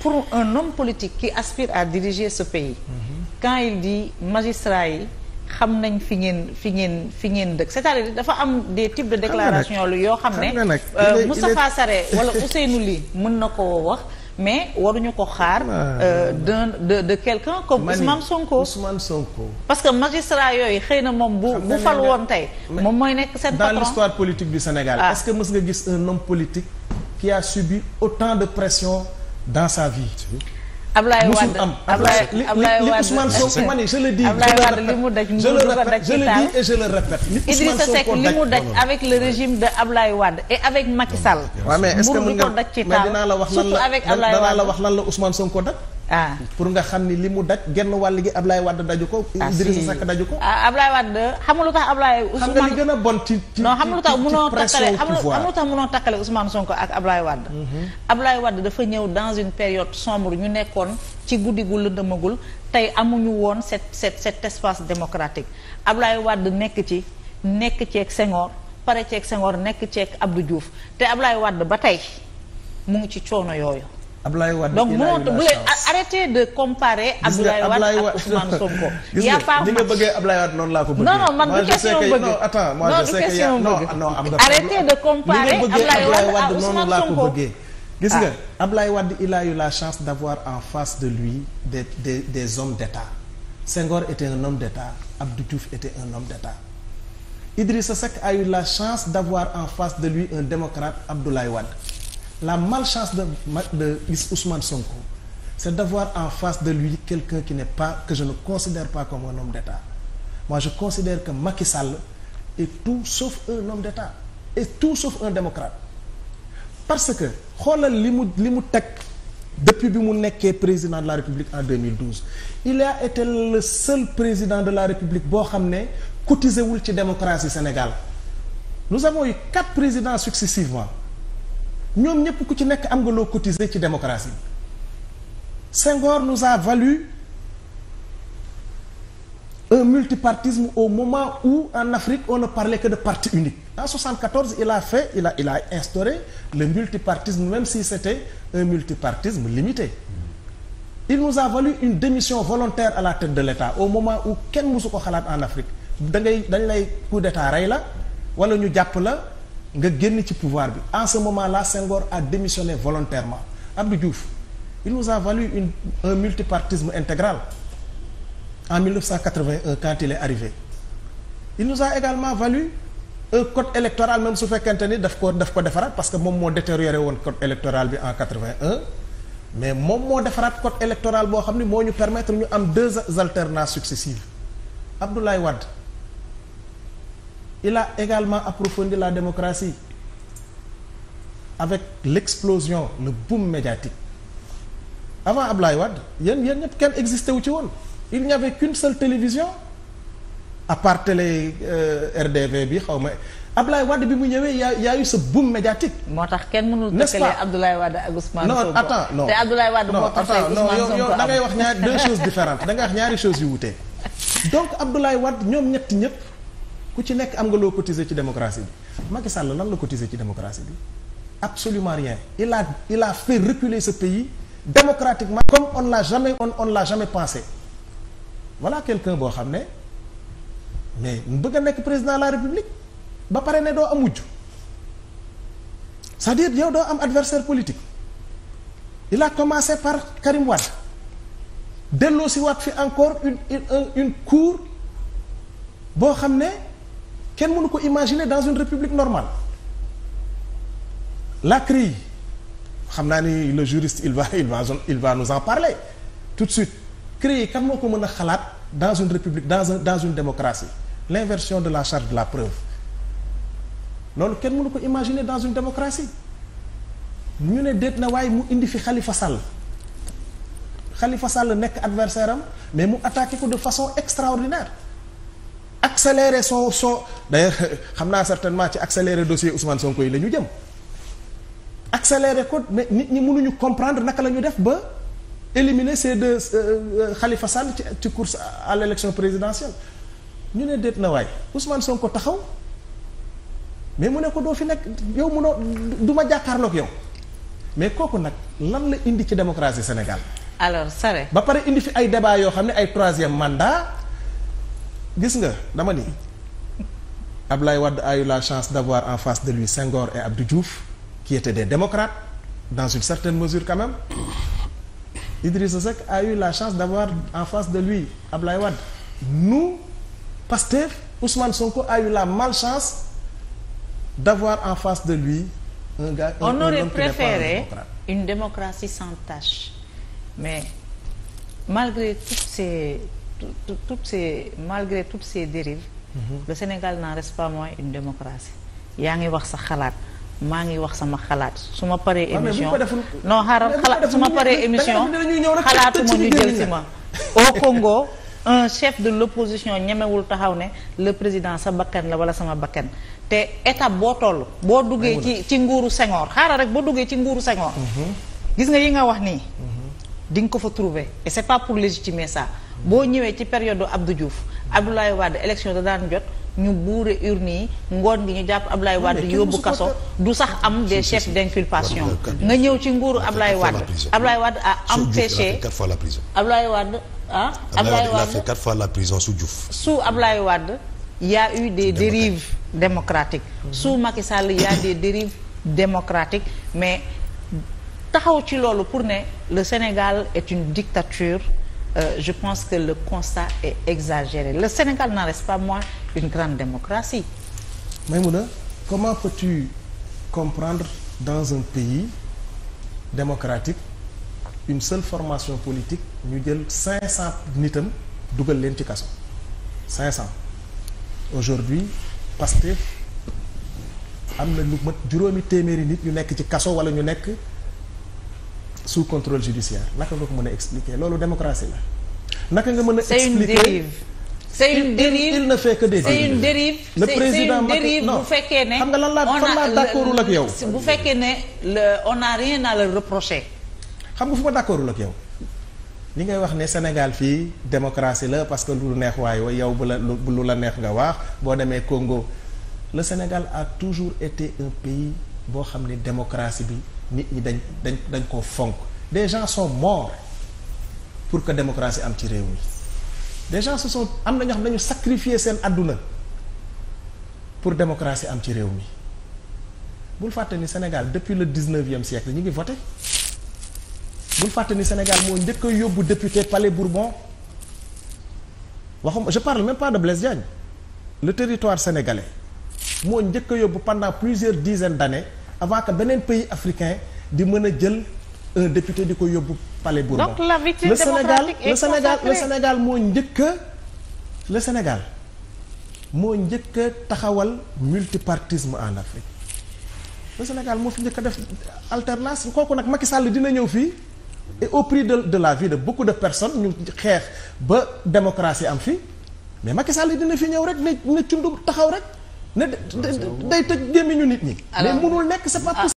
pour un homme politique qui aspire à diriger ce pays. quand il dit magistrats yi xam nañ fi ngeen fi ngeen fi ngeen dëkk cest à dafa am des types de déclaration lu yoo xam ne euh, Moustapha Sarré wala Ousseynou lii mën na koo wax mais waruñu ko xaar euh, d'un de de quelqu'un comme Ousmane Sonko Ousmane Sonko parce que magistrat yooyu xëy na moom bu bu fal woon tey moom mooy nekk seen patron dans l'histoire politique du Sénégal ah. est que mës nga gis un homme politique qui a subi autant de pression dans sa vie. Ablaye Wade am Ablaye Ablaye Wade Ousmane Sonko man je le dis. li mu daj mu ko daj je le et je le li Idrissa Seck li mu daj et avec Macky Sall. waaw mais est-ce que mën nga mais dinaa la wax lan la dinaa la wax lan la Ousmane Sonko ah pour nga xam ni li mu daj genn wàll gi Ablaye Wade daju ko. ah si Idrissa Seck daju ko. ah Ablaye Wade xam nga lu tax Ablaye. Ousmane xam nga li gën a bon ci ci non xam lu tax mënoo takkale xam nga lu tax mënoo takkale Ousmane Sonko ak Ablaye Wade. Mhm. Ablaye Wade dafa ñëw dans une période sombre ñu nekkoon ci guddi gu lëndëmagul tey amuñu woon cet cet cet espace démocratique Ablaye wàdd nekk ci nekk ceeg sengoor pare ceeg Senghor nekk ceek ab Abdou Diouf te Ablaye wàdd ba tey mu ngi ci coono yooyu. Abdoulaye Wade donc moo bu leen arrêtez de comparer Abdoulaye Wade ak Ousmane Sonko. gis nga ni nga bëggee Abdoulaye Wade noonu laa ko bëggee. non non man du question bëgg non attends moi je sais que y a non non am nga. arrêtez de comparer Abdoulaye Wade ak Ousmane Sonko gis ah. il a eu la chance d'avoir en face de lui des des des hommes d'État Senghor était un homme d'État a eu la chance d'avoir en face de lui un démocrate Abdoulaye Wade. la malchance de de Ousmane Sonko c'est d'avoir en face de lui quelqu'un qui n'est pas que je ne considère pas comme un homme d'État moi je considère que makki Sall est tout sauf un homme d'État et tout sauf un démocrate parce que xoolal li mu li mu teg depuis bi mu nekkee président de la République en 2012 il a été le seul président de la République boo xam ne cotisé wul ci démocratie Sénégal nous avons eu quatre présidents successivement ñoom ñëpp ku ci nekk am nga loo cotiser ci démocratie Senghor nous a valu un multipartisme au moment où en Afrique on ne parlait que de parti unique en 74 il a fait il a il a instauré le multipartisme même si c'était un multipartisme limité il nous a valu une démission volontaire à la tête de l'État au moment où kenn mësu ko xalaat en Afrique da ngay dañ lay coup d'État rey la wala ñu jàpp la nga génn ci pouvoir bi en ce moment là Senghor a démissionné volontairement Abdou Diouf il nous a valu une un multipartisme intégral en 1981 quand il est arrivé il nous a également valu un code électoral même su fekkante ni daf ko daf ko defaraat parce que moom moo détérioré woon code électoral bi en 81 mais moom moo defaraat code électoral boo xam ni moo ñu permettre ñu am deux alternances successives Abdoulaye wadd il a également approfondi la démocratie avec l'explosion le boom médiatique avant Ablaye Wade yéen yéen ñëpp kenn existé wu ci woon il n'y avait qu'une télévision à part télé euh, RDV bi xaw ma Ablaye Wade bi mu ñëwee y a y a eu boom médiatique. moo tax kenn mënul tëkkale Abdoulaye Wade ak Ousmane Sonko non attends non te Abdoulaye Wade moo tax Ousmane Sonko yow da ngay wax ñaar deux choses différentes da ngay wax ñaari choses yu wutee ñetti ñëpp. ku ci nekk am nga loo cotiser ci démocratie bi Macky Sall lan la cotiser ci démocratie bi absolument rien il a il a fait reculer ce pays démocratiquement comme on l'a jamais on on l'a jamais pensé voilà quelqu'un boo xam ne mais mu bëgg a nekk président de la république ba pare ne doo am wujj cest à yow doo am adversaire politique il a commencé par Karim Wade delloo si waat fi encore une une, une cour boo xam ne kenn mënu ko imaginer dans une république normale la CREI xam naa ni le juriste il va il va il nous en parler tout de suite CREI kan moo ko mën a xalaat dans une république dans un dans une démocratie l'inversion de la charge de la preuve loolu kenn mënu ko imaginer dans une démocratie ñu ne déet na waaye mu indi fi Khalifa Sall Khalifa Sall nekk adversaire am mais mu attaqué ko de façon extraordinaire accélérer son son d'ailleurs xam naa certainement ci accélérer dossier Ousmane Sonko yi la ñu jëm accélérer ko mais nit ñi mënuñu comprendre naka la def ba éliminer ces deux euh, euh, Khalifa Sall ci ci course à l'élection présidentielle ñu ne déet na waaye waay son ko taxaw mais mu ne ko doo fi nekk yow mënoo du ma jàkkaarloog yow mais kooku nag lan la indi ci démocratie Sénégal. alors Sare. ba pare indi fi ay débat yoo xam ne ay troisième mandat. gis nga dama ni Ablaye Wade a eu la chance d'avoir en face de lui Senghor et Abdou Diouf qui étaient des démocrates dans une certaine mesure quand même Idrissa Seck a eu la chance d'avoir en face de lui Ablaye Wade nous Pastef Ousmane Sonko a eu la malchance d'avoir en face de lui un gars un, préféré une démocratie sans tache mais malgré toutes ces toutes ces malgré toutes ces dérives mhm. le Sénégal n'en reste pas moins une démocratie yaa ngi wax sa xalaat maa ngi wax sama xalaat su ma paree ah, émission non xaaral xalaat su ma paree émission xalaatuma ñu jël si ma au Congo un chef de l'opposition ñemewul taxaw ne le président sa bakkan la wala sama bakkan te étape boo toll boo duggee ci ci nguuru Senghor xaaral rek boo duggee ci nguuru Senghor mhm. gis nga yi nga wax nii mhm. di nga ko fa trouver et c'est pas pour légitimer ça boo ñëwee ci période Abdou Diouf Abdoulaye Wade élection da daan jot ñu buure urne yi ngoon gi ñu jàpp Abdoulaye Wade yóbbu kaso du sax am des chefs d'inculpation nga ñëw ci nguuru Abdoulaye Wade Abdoulaye Wade a empêché quatre fois la prison Abdoulaye Wade ah Abdoulaye Wade il a fait quatre la prison sous Diouf sous Abdoulaye Wade y a eu des dérives démocratiques sous Macky Sall y a des dérives mais taxaw ci loolu pour ne le Sénégal est une dictature euh, je pense que le constat est exagéré le Sénégal n'en reste pas moins une grande démocratie Maïmouna comment peux-tu comprendre dans un pays démocratique une seule formation politique ñu jël cinq cent nitam dugal leen ci kaso cinq cent aujourd'hui Pastef am na lu mat juróomi téeméeri nit ñu nekk ci kaso wala ñu nekk sous contrôle judiciaire naka nga ko mën a expliquer loolu démocratie la naka nga mën a expliquer c'est une dérive il ne fait que des c'est une dérive le bu fekkee ne xam nga lan laa fan laa d'accordul ak yow bu fekkee ne on n'a le reprocher xam nga fu ma d'accordul ak yow li ngay wax ne Sénégal fii démocratie la parce que lu neex waaye yow bu la lu la neex nga waax boo demee Congo le Sénégal a toujours été un pays boo xam ne démocratie bi nit ñi dañ dañ dañ koo fonk des gens sont morts pour que démocratie am ci réew mi des gens am na ñoo xam ne dañu seen adduna pour démocratie am ci réew mi bul fàtte ni Sénégal depuis le dix-neuvième siècle ñu ngi voté bul fàtte ni Sénégal moo njëkk yóbbu député Palais Bourbon waxuma je parle même pas de Blaise Diagne le territoire sénégalais moo njëkk a yóbbu pendant plusieurs dizaines d'années avant que beneen pays africain di mën a jël un député di ko yóbbu palais Bourbon. donc la victime démocratique est Sénégal le Sénégal moo njëkk a le Sénégal moo njëkk a taxawal multipartisme en Afrique le Sénégal moo fi njëkk def alternance kooku nag Macky Sall dina ñëw fii. et au prix de de la vie de beaucoup de personne ñu xeex ba démocratie am fi mais Macky Sall dina fi ñëw rek ne ne cundum taxaw rek. ne day tëj gémmiñu nit ñi. mais mënul nekk c'est pas possible